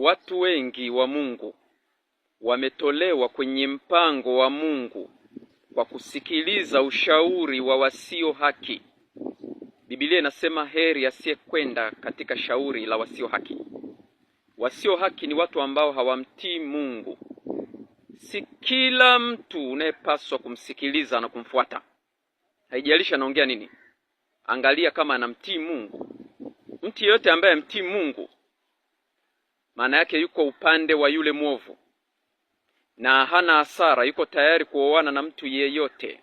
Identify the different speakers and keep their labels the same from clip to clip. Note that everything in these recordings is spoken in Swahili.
Speaker 1: Watu wengi wa Mungu wametolewa kwenye mpango wa Mungu kwa kusikiliza ushauri wa wasio haki. Biblia inasema heri asiyekwenda katika shauri la wasio haki. Wasio haki ni watu ambao hawamtii Mungu. Si kila mtu unayepaswa kumsikiliza na kumfuata, haijalishi anaongea nini. Angalia kama anamtii Mungu. Mtu yeyote ambaye amtii Mungu maana yake yuko upande wa yule mwovu na hana hasara, yuko tayari kuoana na mtu yeyote.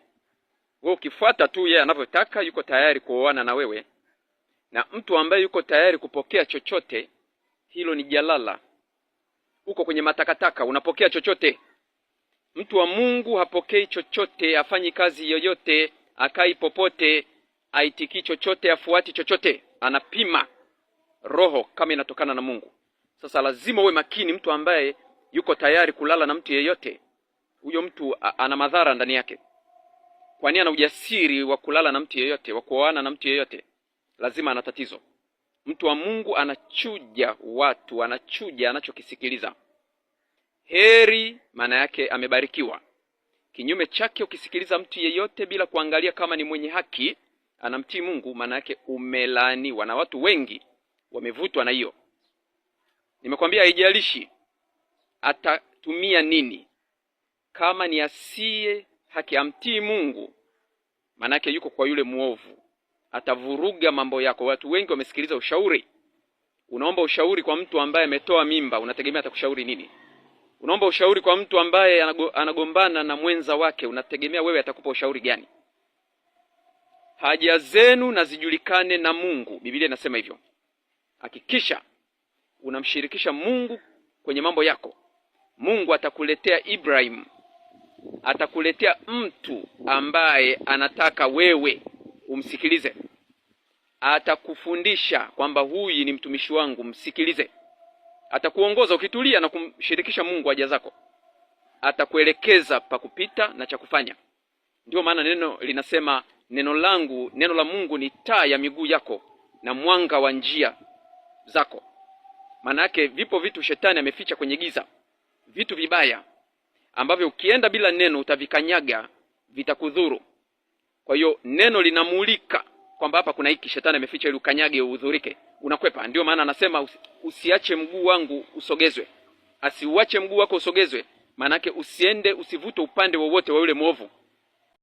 Speaker 1: Wewe ukifuata tu yeye anavyotaka, yuko tayari kuoana na wewe. Na mtu ambaye yuko tayari kupokea chochote, hilo ni jalala. Uko kwenye matakataka, unapokea chochote. Mtu wa Mungu hapokei chochote, afanyi kazi yoyote, akai popote, aitikii chochote, afuati chochote. Anapima roho kama inatokana na Mungu. Sasa lazima uwe makini, mtu ambaye yuko tayari kulala na mtu yeyote, huyo mtu ana madhara ndani yake. Kwani ana ujasiri wa kulala na mtu yeyote, wa kuoana na mtu yeyote? Lazima ana tatizo. Mtu wa Mungu anachuja watu, anachuja anachokisikiliza. Heri maana yake amebarikiwa. Kinyume chake, ukisikiliza mtu yeyote bila kuangalia kama ni mwenye haki, anamtii Mungu, maana yake umelaaniwa, na watu wengi wamevutwa na hiyo. Nimekwambia haijalishi atatumia nini, kama ni asiye haki, amtii Mungu, maanake yuko kwa yule mwovu, atavuruga mambo yako. Watu wengi wamesikiliza ushauri. Unaomba ushauri kwa mtu ambaye ametoa mimba, unategemea atakushauri nini? Unaomba ushauri kwa mtu ambaye anagombana na mwenza wake, unategemea wewe atakupa ushauri gani? Haja zenu na zijulikane na Mungu, Biblia inasema hivyo. Hakikisha unamshirikisha Mungu kwenye mambo yako, Mungu atakuletea Ibrahim, atakuletea mtu ambaye anataka wewe umsikilize, atakufundisha kwamba huyu ni mtumishi wangu, msikilize. Atakuongoza ukitulia na kumshirikisha Mungu haja zako, atakuelekeza pa kupita na cha kufanya. Ndiyo maana neno linasema neno langu, neno la Mungu ni taa ya miguu yako na mwanga wa njia zako. Maana yake vipo vitu shetani ameficha kwenye giza, vitu vibaya ambavyo ukienda bila neno utavikanyaga, vitakudhuru. Kwa hiyo neno linamulika kwamba hapa kuna hiki shetani ameficha, ili ukanyage uhudhurike, unakwepa. Ndio maana anasema usi, usiache mguu wangu usogezwe, asiuache mguu wako usogezwe. Maana yake usiende, usivute upande wowote wa yule mwovu.